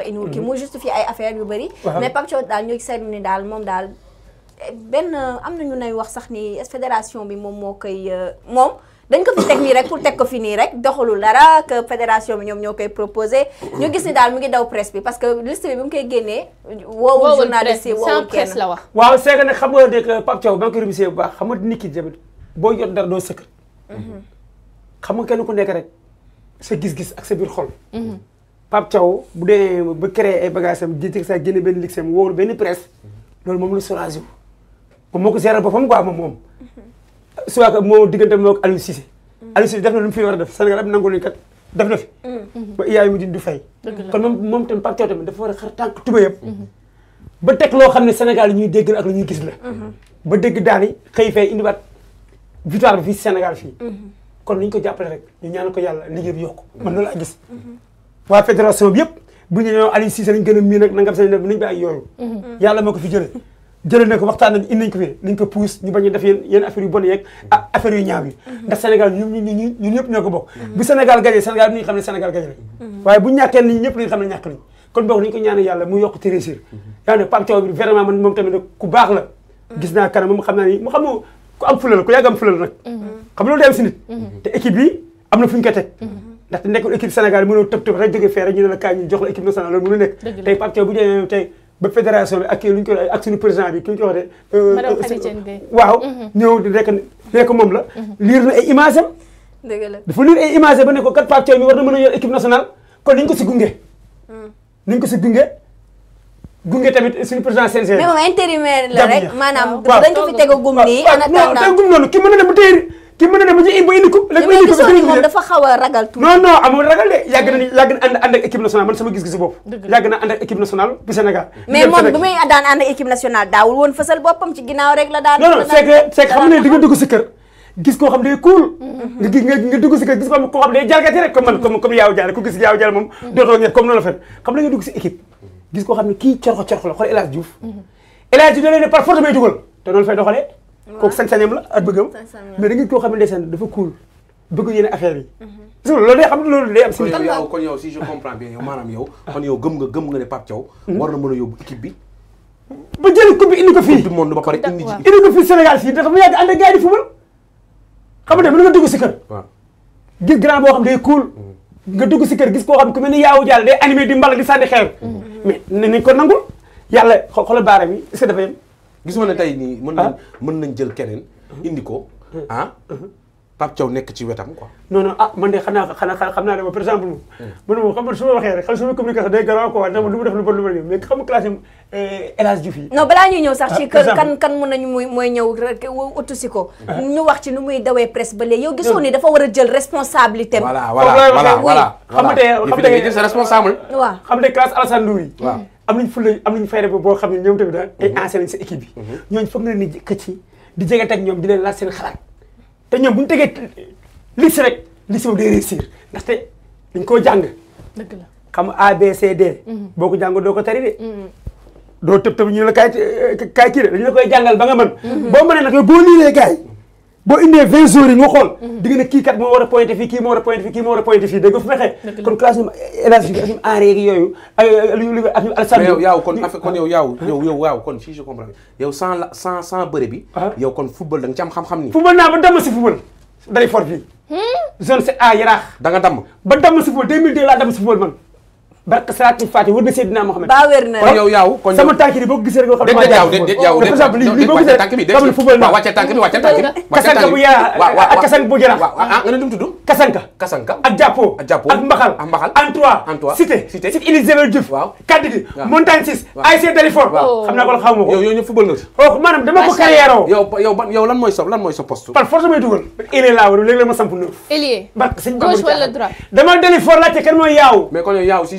inwul ki mu mhm. justifié ay affaire yu bëri mais Pape Thiaw daal ñoo ngi seetlu ni daal moom daal benn am na ñu ne wax sax ni fédération bi moom moo koy euh, moom dañ ko fi teg nii rek pour teg ko fi nii rek doxalul dara que fédération bi ñoom ñoo koy proposé ñu gis ni daal mu ngi daw presse bi parce que liste bi bi mu koy génnee woowul journaliste yi woowul la wax waaw c'est que xam nga dëgg Pape Thiaw ba nga ko remercié bu baax xam nga nit ki tamit boo jot dara doo sëkk mhm. xam nga kenn ku nekk rek sa gis-gis ak sa biir xol mhm. Pape Thiaw bu dee ba créé ay bagages am jiite sa génne benn liggéeyam wóolu benn presse loolu moom la soulagé wu moom moo ko gérer boppam quoi moom moom. soit que moo diggante moom ak Aliou Cissé. Aliou Cissé def na lu mu fi war a def Sénégal am nangu nañu kat def na fi. ba yaay mu du fay. kon moom moom tamit Pape Thiaw tamit dafa war a xar tànk tuba yëpp. ba teg loo xam ne Sénégal ñuy dégg ak lu ñuy gis la. ba dégg daani xëy fay indiwaat victoire bi fii Sénégal fii. Mhm. kon nañu ko jàppale rek ñu ñaan ko yàlla liggéey bi yokku man loolu laa gis. waa fédération bi yëpp bu ñu ñëw Aliou Cissé lañ gën a mii nag nangam seen nañ bi ay yooyu mhm. yàlla moo ko fi jëlee jëlee na ko waxtaan nañ indi nañ ko fi nañ ko pousse ñu bañ a def yeen yeen affaire yu bon yeeg ak ah, affaire yu ñaaw yi mhm. ndax Sénégal ñun ñun ñun ñëpp ñoo ko bokk mhm. bu Sénégal gagné Sénégal bi ñu xam ne Sénégal gagné la waaye bu ñàkkee nañ ñëpp lañ xam ne ñàkk nañ kon boog nañu ko ñaanal yàlla mu yokk réussir yaa ne Pape Thiaw bi vraiment man moom tamit ku baax la gis naa kanam mu xam naa ni mu xam ku am fula la ku yàgg am fula la nag xam loolu day am si nit te équipe bi am na fu ñu ko teg ndaxte nekkul équipe Sénégal mënoo tëb tëb rek jóge fee rek ñu ne la kaay ñu la équipe nationale loolu mënu nekk tey Pape Thiaw bu ñu tey ba fédération bi ak lu président bi ki ñu euh, euh, mhm. moom la mhm. liir na ay la dafa liir ay ne ko kat Pape Thiaw mi ko si gunge hmm. ko si gunge gunge tamit suñu président CNG mais moom intérimaire la rek maanaam dañ ko fi teg a gum nii en attendant non teg gum noonu ki na dem ba bu ñu ba indi coupe la ko indi coupe mais moom dafa xaw a ragal tuuti non non amul ragal de yàgg na mm. yàgg na ànd ànd ak équipe nationale man sama gis-gisu bopp yàgg na ànd ak équipe nationale bu Sénégal mais moom bi muy daan ànd ak équipe nationale daawul woon fësal boppam ci ginnaaw rek la daan non non c'est que c'est que xam ne di nga dugg si kër gis koo xam day cool mm-hmm. nga gis nga dugg si kër gis koo xam day jalgati rek comme man comme comme yaaw jaare ku gis yaaw jaare moom mm-hmm. dootoo ngeen comme noonu la fen xam na nga dugg si équipe gis koo xam ne kii corxo corxo la xool El Hadj Diouf mm-hmm. El Hadj Diouf da leen ne par force may dugal te noonu fay doxalee kooku sañ-sañam la ak bëggam. mais da ngeen koo xam ne ndeysaan dafa cool bëgg yéen affaire yi. Mhm. parce que loolu day xam loolu day am. si yow kon yow si je comprends bien yow maanaam yow. kon yow gëm nga gëm nga ne Pape Thiaw. Mhm. war na mën a yóbbu équipe bi. ba jël coupe bi indi ko fii. coupe du monde ba pare indi ji. indi ko fii Sénégal fii dafa yàgg ànd ak gars yi di football. xam nga mën nga dugg si kër. waaw gis grand boo xam day cool. Mhm. nga dugg si kër gis koo xam ku mel ni yaawu jàll day animé di mbala di sànni xeer. mais nañ ko nangul yàlla xoolal baaraam yi est-ce que dafa yem gisuma ne tey nii mën nañ ah? mën nañ jël keneen uh-huh. indi ko uh-huh. ah uh-huh. Pape Thiaw nekk ci wetam quoi non non ah man de xam naa xanaa xam naa ne par exemple hmm. man moom xam nga su ma waxee rek xam su ma communication day garaaw quoi ndax du ma def lu bon lu ma def mais xam nga classé eh, El Hadj Diouf yi non balaa ñuy ñëw sax ah, ci kër kan kan mun nañu mooy mooy ñëw rek utu si ko ah. ñu wax ci nu muy dawee presse ba léegi yow gisoo ni dafa war a jël responsabilité am voilà voilà voilà xam nga tey xam nga tey jël sa responsable waaw xam nga classe Alassane Ndour yi waaw am nañ fulla am nañ fayda boo xam ne ñoom tamit daal ay ancien lañ sa équipe bi mhm. ñooñ foog na ni këcc di jege ak ñoom di leen laaj seen xalaat te ñoom bu ñu tegee liste rek liste boobu day réussir ndaxte dañ koo jàng dëgg la xam ABCD mhm. boo ko jàng doo ko tari de mhm. doo tëb tëb ñu la kaay kaay kii de dañu la koy jàngal ba nga man boo mënee nag boo liiree gars y a 20 jours yi nga xool mhm. di ne kii kat moo war a pointé fii a pointé fii a pointé Il y a fu classe élage asim enré yeegi yooyu alu ak ñu alsan Il y a affaire kon yow hein? si je comprends yow sans la sans sans bëre bi ah. yow kon football da nga ci am xam-xam ni football naa ba damm si football day for fii Il hmm? c'est A yaraax da qui ont football deux mille deux barke salaatul faatiha wër na Seydina Mohamed ba wër na kon yow yaaw kon sama tànk bi boo ko gisee rek xam ne yaaw déet yaaw déet wàcce tànk bi xam ne football na wàcce tànk bi wàcce tànk bi kasanka bu yaa ak kasanka bu jara nga ne dum tudd kasanka kasanka ak jàppo ak jàppo ak mbaxal ak mbaxal en trois en trois cité cité Elisabeth Diouf waaw kaddu gi montagne 6 AIC Dalifort xam naa ko xaw ma ko yow yow ñu football na oh maanaam dama ko carrière yow yow yow lan mooy sa lan mooy sa poste par force may dugal ailier laa war léeg-léeg ma samp neuf ailier barke sëñ dama Dalifort laajte kan mooy yaaw mais kon yow yaaw si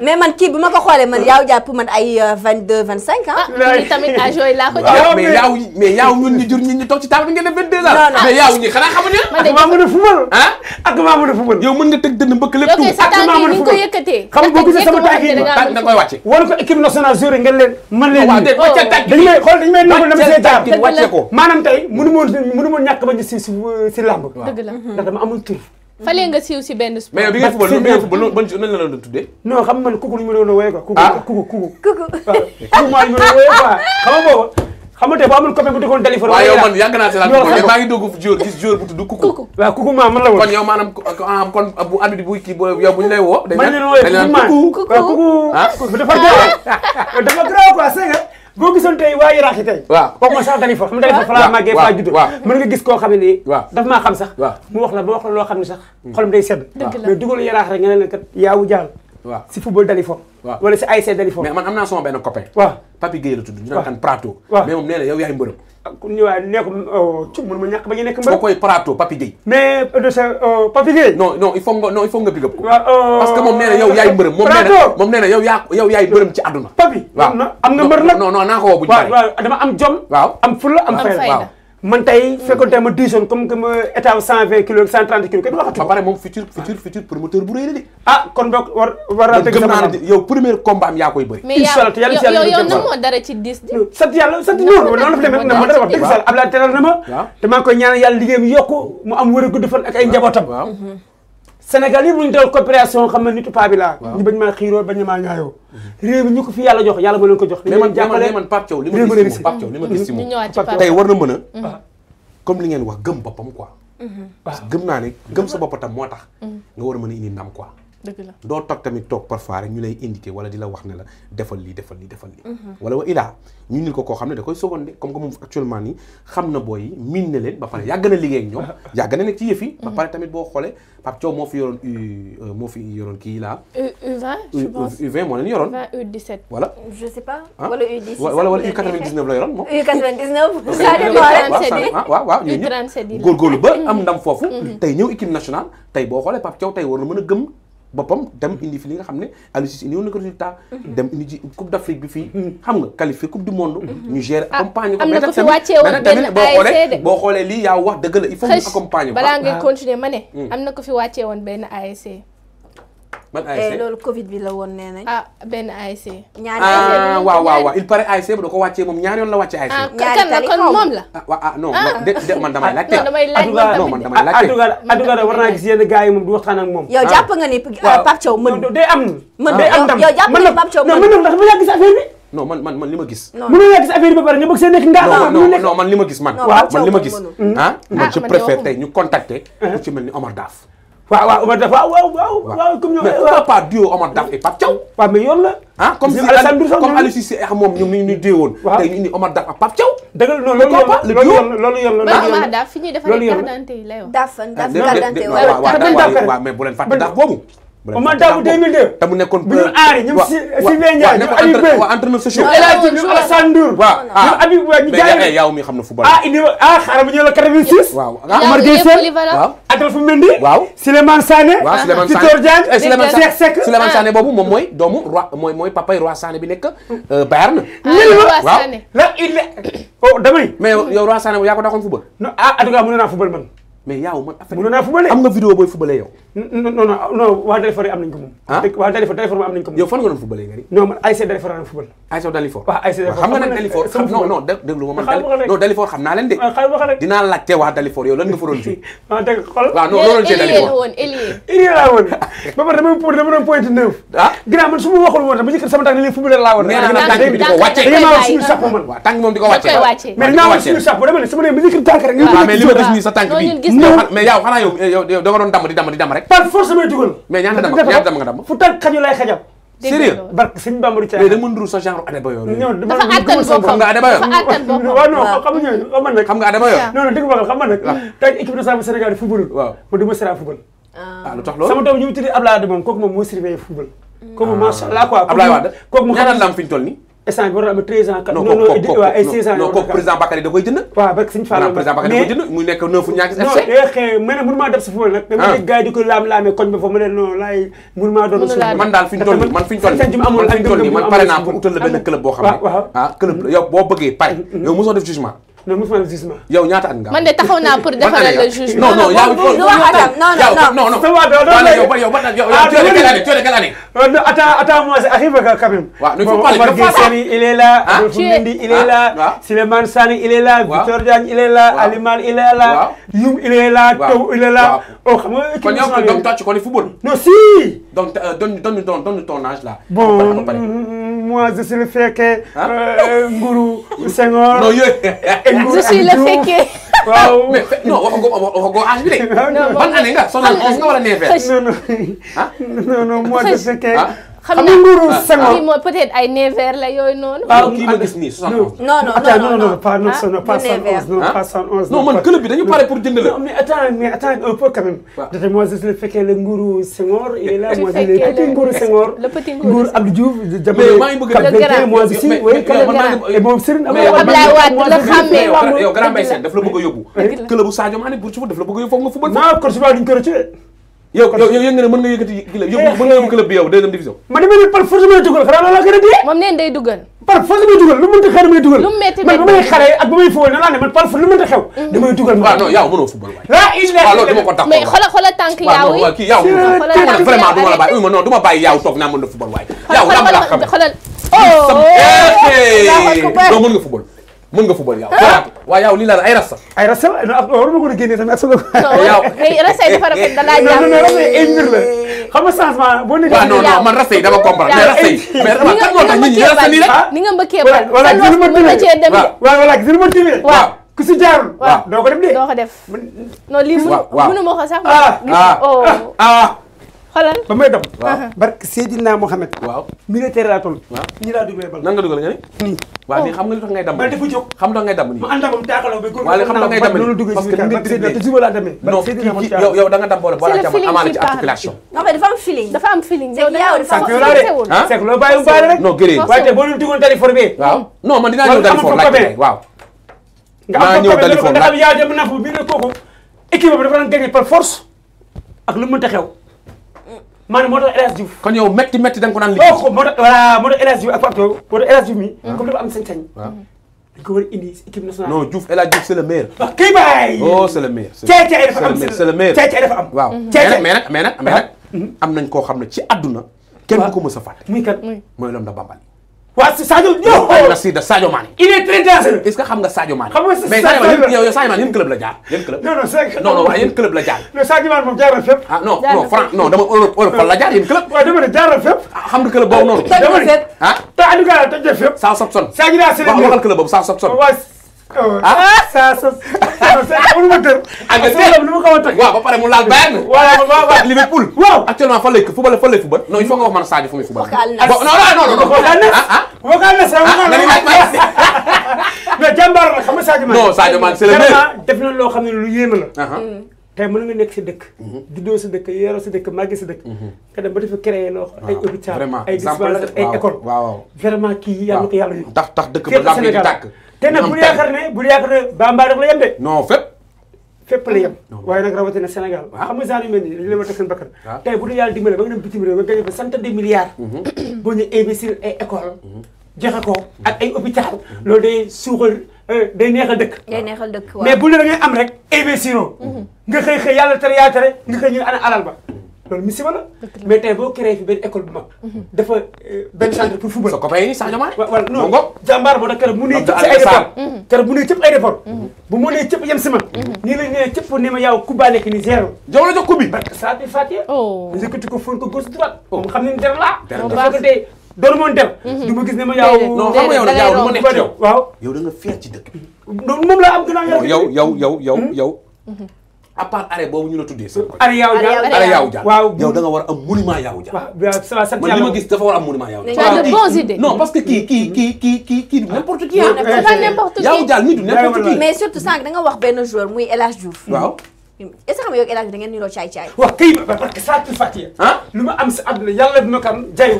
mais man kii bi ma xoolee man yaaw jàpp man ay 22 euh, 25 ah. ah tamit yaaw ñun ñu jur ñu toog ci taal bi ngeen def 22 ans. non non mais yaaw ñi xanaa xamuñu ne. Ah, ak maa mën a fubal. ah ak maa mën a fubal. yow mën nga tëg dënn mbëkk ko yëkkatee. xam ko équipe nationale tey mënu ma woon mënu ba gis si si làmb ndax dama amul tur fale nga si benn sport. mais bi nga football bi nga football ban nan la doon tuddee. non xam man kuku lu ñu doon wooyee ko mais maa ngi dugg jour gis jour bu tudd kuku. kon yow maanaam ah, bu àdduna kii yow bu ñu lay woo. dañu naan dañu naan kuku man la ñu wooyee kuku maa kuku. ah dafa garaaw quoi c'est boo gisoon tey waa Irak yi tey waaw kooku ma sax dalifa xam dalifa fa laa màggee faa judd mën nga gis koo xam daf maa xam sax mu wax la ba wax la loo xam ne sax mm. xolam day sedd mais dugal Irak rek nga ne leen kat yaawu jaal waaw si football Dalifort. waaw wala si ay Dalifort. mais man am naa sama benn copain. waaw Papi Gueye la tudd. ñu naan kan Prato. waaw mais moom nee yaay mbërëm. Ah, oh, ba nekk mbërëm. boo koy Prato Papi Gueye. mais euh, de sa euh, Papi Gueye. non non il faut nga non il faut nga big euh, na yaay mbërëm. ci àdduna. Papi. waaw am na mbër nag. non non am jom. waaw man tey fekkoon tey ma diisoon comme que ma état wu cent vingt kilos cent trente kilos kenn waxatu ko. ba pare moom futur futur futur promoteur bu rëy la de. ah kon boog war war naa. gëm yow premier combat am yaa koy bëri. incha allah te yàlla si yàlla yow yow nan moo dara ci diis di. sant yàlla sant noonu noonu la fi demee nan na ma. waaw te maa ngi koy ñaanal yàlla yokku mu am wér gudd fan ak ay njabootam. Mhm. Sénégal yëpp lu ñu dal coopération xam na nitu ñu bañ maa xiiroo bañ maa ñaayoo réew mi ñu ko fi yàlla jox yàlla ma leen ko jox mais man jàppale man Pape Thiaw li ma si Pape Thiaw li ma gis si war na mën a mm-hmm. ah, comme li ngeen wax gëm boppam quoi mm-hmm. parce que gëm naa ni gëm sa bopp tam moo tax mm-hmm. nga war a mën a indi ndam quoi dëgg la doo toog tamit tok parfois rek ñu lay indiquer wala dila wax ne la defal li defal lii defal li mhm. wala wa ilaa ñu nit ko ko xamne da koy secondé comme comme actuellement ni xamna boy min miin len ba pare yag na liggéey ak ñom yag na nekk ci yëf yi. ba mhm. pare tamit bo xolé pap Thiaw mo fi yoron U euh, mo fi yoron ki la U20 je pense U20 moo leen yoroon. U17. voilà je sais pas. Ah. wala U17 wala wala U99 la yoron mo U99. ça dépend rek hein, ah, waaw waaw ñu ñëpp góorgóorlu ba am mhm. ndam fofu tay ñëw équipe nationale tay bo xolé pap Thiaw tay war na mëna gëm boppam dem indi fi li nga xam ne Aliou Cissé indi woon na ko résultat. Mhm. dem indi ci coupe d' Afrique bi fi xam nga qualifié coupe du monde. Mhm. ñu gérer ah, accompagner ko. am na ko fi wàcceewoon benn ASC boo xoolee lii yaa wax dëgg la il faut ñu accompagner. balaa ngay ah. continuer ma ne. Mm. am na ko fi wàcceewoon benn ASC. Mm. ban ASC eh, loolu Covid bi la woon nee ah, benn ASC. ñaari ah, waaw waaw waaw il paraît ASC bu da ko wàccee moom ñaari yoon la wàccee ASC. Ah, ñaari tali kon moom la. ah non man damay laajte. non damay laajte non man damay laajte. naa gis yenn gars yi moom du waxtaan ak moom. yow jàpp nga ni Pape Thiaw mën. day am mën day am ndam yow jàpp nga la gis man man man li ma gis. non man li ma gis man. waaw man li ma gis. man je préfère tey ñu contacter ku ci ni Omar Daaf waaw waaw Omar Daf waaw waaw waaw. comme ñoom mais pourquoi pas duo Omar Daf et Pape Thiaw. waaw mais yoon la. ah comme si comme Aliou Cissé ak moom ñoom ñu ñu dee woon. waaw tey ñu indi Omar Daf ak Pape Thiaw. dëgg la loolu yoon loolu yoon la loolu yoon la. Omar Daf fi ñuy defaree carte d'identité lay wax. Daf Daf carte d'identité waaw waaw waaw mais bu leen fàtte Daf boobu. au moins daaw 2002. te mu nekkoon bu ñu aari ah. eh, eh, xam na football. ah indi ah xaaral ma ñëw la 86. waaw ah Omar Gueye ah. moom mooy doomu roi mooy mooy papay roi Sané bi nekk Bayern. roi Sané yaa ko daaxoon football. non ah en tout cas mën naa man. mais yow man affaire mën naa football am nga vidéo booy footballé yow non non ah, non waa Dalifort yi am nañ ko moom. ah waa Dalifort Dalifort am nañ ko moom. yow fan nga doon football nga ni. non man ASC Dalifort laa doon football. ASC Dalifort waaw ASC Dalifort xam nga nag Dalifort xam non non déglu ma man. non Dalifort xam naa leen de. xaaral ma xaaral dinaa laajte waa Dalifort yow lan nga fa doon ji. ah dëgg xool waaw non loolu cee Dalifort mais Elie la woon Elie. Elie laa woon ba pare dama point dama doon point neuf. ah ginnaaw man su ma waxul woon tam ba ñu kat sama tànk ne leen footballeur laa woon. nee na tànk bi di ko wàcce da ngeen maa wax suñu sàpp man. waaw tànk moom di ko wàcce. mais dinaa wax suñu sàpp dama ne sama ne ba ñu kat tànk rek. waaw ah, mais li ma gis nii sa tànk bi mais yow xanaa yow yow da nga doon damm di damm di damm rek par force may dugal. mais ñaata dama nga dama. fu tànk lay xajam. sérieux barke sëñ Bamba du mais da mën duru sa genre Adebayor dafa attan boppam dafa attan boppam waaw nga xam man nag xam nga Adebayor non non dëgg ba xam man nag tey équipe nationale bu Sénégal football waaw ma dama sera football ah. ah lu tax loolu sama doom ñu tuddi Abdoulaye Wade moom kooku moom moo surveillé football mm. kooku ah. macha Allah quoi Abdoulaye Wade kooku mu ñaanal lam fi ñu toll essence bi war na am 13 ans. non non ay 16 ans non kooku président Bakary da koy jënd. waaw barke Sëñ Fall président Bakary da koy jënd mu nekk neuf ñaari FC. non eh, xëy na mënu maa def si foofu nag. dama ah. ne gars yi di ko laam-laamee koñ ba foofu mu ne non laay mënu maa doon suuf. man daal fi ñu toll nii man fi ñu toll nii man pare naa pour utal la benn club boo xam ne. ah club yow boo bëggee pare mm-hmm. yow mosoo def jugement non mosuma def jugement. yow ñaata at nga man de taxaw naa pour defaral a jugement. non non yaa ngi foofu non non non non. sama doon doon yow yow ban yow yow tu es de quelle année tu bon moi je suis le Senghor. non yooyu. je suis le fekkee. waaw mais non wax nga wax nga âge bi de. ban année nga sonal onze nga wala nee non non non mois de fekkee. xam nga nguuru Senghor bi mooy peut-être ay Nevers la yooyu noonu. waaw kii a kale moom Serigne Abdoulaye Wade la xàmmee yow daf la bëgg a yóbbu. club bu Sadio Mané bu daf la bëgg a yóbbu foofu nga football. non yow yow yow nga ne mën nga yëkkati club yow eh, mën nga yóbbu eh. club bi yow deuxième division ma dama ne par force may dugal Franc loolu laa gën a dee moom neen day dugal par force may dugal lu mënta xew damay dugal man bu may xale ak bu may fowal na laa ne man par force lu mënta xew mm-hmm. damay dugal waaw ah, non yow mënoo football waay laa il waaw ah, loolu dama ko tax mais xoolal xoolal tànk yaaw yi kii yaaw vraiment du ma la bàyyi uy ma non du ma bàyyi yaaw toog naa mën na football waay yaaw lamb laa xam xoolal doo oh. eh, mën nga football mën nga football yow. waaw yow lii la ay rasta. ay rasta war ma ko génnee tamit ak sa bopp. yow rasta yi dafa rafet da laa jàpp. non non rasta yi ay nga man rasta yi dama comprendre mais rasta yi. mais dama kan ni nga mbëkkee bal voilà gis ma tiimee waaw ku si jaarul. waaw doo ko def de. doo ko def non lii mënu mënu ma ko sax. ah, ah, oh. ah, ah. xolal ba may dom barke Seydina Mohamed waaw militaire laa toll ñi laa dugalee bal nan nga dugal nga ni waaw li oh. xam nga li tax ngay dam bal dafa jóg xam tax ngay dam ni mu ànd ak moom taaxaloo ba waaw li xam tax ngay dam ni parce que ni nga tëddee te juma laa demee non yow yow da nga dam boole boole jàmm amaana ci articulation non mais dafa am feeling dafa am feeling yow da yow dafa am feeling c'est que loo bàyyi mu bàyyi rek non gëree waaye te boo doon digoon Dalifort bi waaw non man dinaa ñëw Dalifort laaj waaw maa ñëw Dalifort laaj yaa dem nafu bi ne kooku équipe bi dafa daan gagné par force ak lu mënta xew maanaam moo tax El Hadj Diouf kon yow métti métti da nga ko naan oh, liggéey moo tax voilà moo tax El Hadj Diouf ak Pape Thiaw moo tax El Hadj Diouf mi comme dafa am sañ-sañ dañ ko war a indi équipe nationale non Diouf El Hadj Diouf c'est le meilleur wax kii baay oh c'est le meilleur ceecee dafa am c'est le meilleur ceecee dafa am waaw ceecee mais nag mais nag mais nag am nañ koo xam ne ci àdduna kenn du ko mës a fàtte muy kan mooy l'homme de Bambali waa Sadio ñëw oh. Sida Sadio Mané. il est très dangereux. est-ce que xam nga Sadio Mané. xam nga Sadio Mané mais yow Sadio Mané yéen club la jaar yéen club. non non Sadio non non waaye yéen club la jaar. non Sadio Mané moom jaar na fépp. ah non non France non dama Europe Europe fan la jaar yéen club. waaw dama ne jaar na fépp. ah xam nga club boobu noonu. dama ne ah. te en tout cas toj na fépp. Southampton. Sadio Mané waxal club boobu Southampton. ah saa sa mënu ma tër. Angleterre ah, nu ma xaw a tëj. waaw ba pare mu laal Bayern. waaw waaw waaw Liverpool. waaw actuellement fan lay football fan lay football. non il faut nga wax man Sadio fu muy football. non non non. vocal na ah, ah. vocal na sa ah, vocal na. mais jàmbaar la xam nga def na loo xam ne lu yéeme la. Mm. tey mën nga nekk si dëkk. Mm-hmm. juddoo si dëkk yaroo si dëkk màggee si dëkk. Mm-hmm. nga dem ba dafa créé loo ay hôpital ay dispensaire ay école. vraiment kii yàlla ko yàlla ñu. tax tax dëkk ba lamb te nag bul yaakaar ne bul yaakaar ne bambara rek la yem de. non fépp. waaye nag rawatina Sénégal. waaw ah. xam nga genre yu mel nii dañu leen war a takk seen bakkan. waaw ah. tey bu dee yàlla dimbale ba nga dem bitim de milliards. Mhm. boo ñu investir ay mhm. ko mhm. ak ay hôpital. loolu day suuxal euh, day neexal dëkk. day neexal dëkk waaw mais bu dee da ngay am rek investir nga xëy xëy yàlla tere yaa tere nga xëy ñu ana alal ba. loolu musiba la. mais tey boo créé fi benn école bu mag. Mhm. dafa euh, benn centre pour football. soo ko bayee Sadio Mané. waaw non jàmbaar boo tax mhm. keroog mu nee cëpp si ay départ. keroog mhm. mu nee cëpp ay départ. bu mu nee cëpp yem si man. nii la nee cëpp ne ma yow Kuba nekk ni zéro. jox la jox kub bi. parce que saa bi fàttee. yëkkati ko fóon ko gauche droite. Oh. mu xam ne der laa. der moon dem. du ma gis ne ma yow. non xam nga yow nag yow du ma nekk yow. waaw yow da nga a yow yow yow yow hmm? yow à part arrêt boobu war a am monument yaawu jaar. waaw man li ma a am monument yaawu jaar. de non parce que kii kii du n'importe qui. yaawu jaar du n'importe mais surtout sànq da nga benn joueur muy El Hadj Diouf. waaw. est ce que xam nga yow El Hadj da ngeen niroo caay ba parce que saa fi fàttee. lu ma am sa àdduna bi ma kan jayu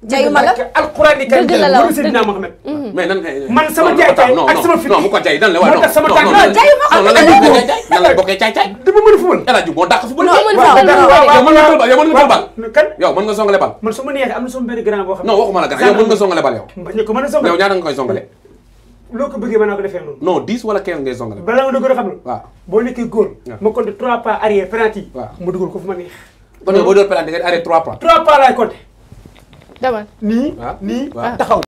jayu ma la alquraan karim bu Seydina Mohamed mais nan ngay man sama jaay tay ak sama fit non bu ko jaay dan la waay non sama tan non jayu ma ko lan la bokkee jaay lan la bokkee jaay jaay dama mën fubal El Hadj moo dàq fubal non mën fubal yow mën nga tëbal yow mën nga tëbal kan yow mën nga songale bal man su ma neexee am na sama benn grand boo xam non waxuma la grand yow mën nga songale bal yow ñu ko mën a songale yow ñaata nga koy demal nii nii taxaw.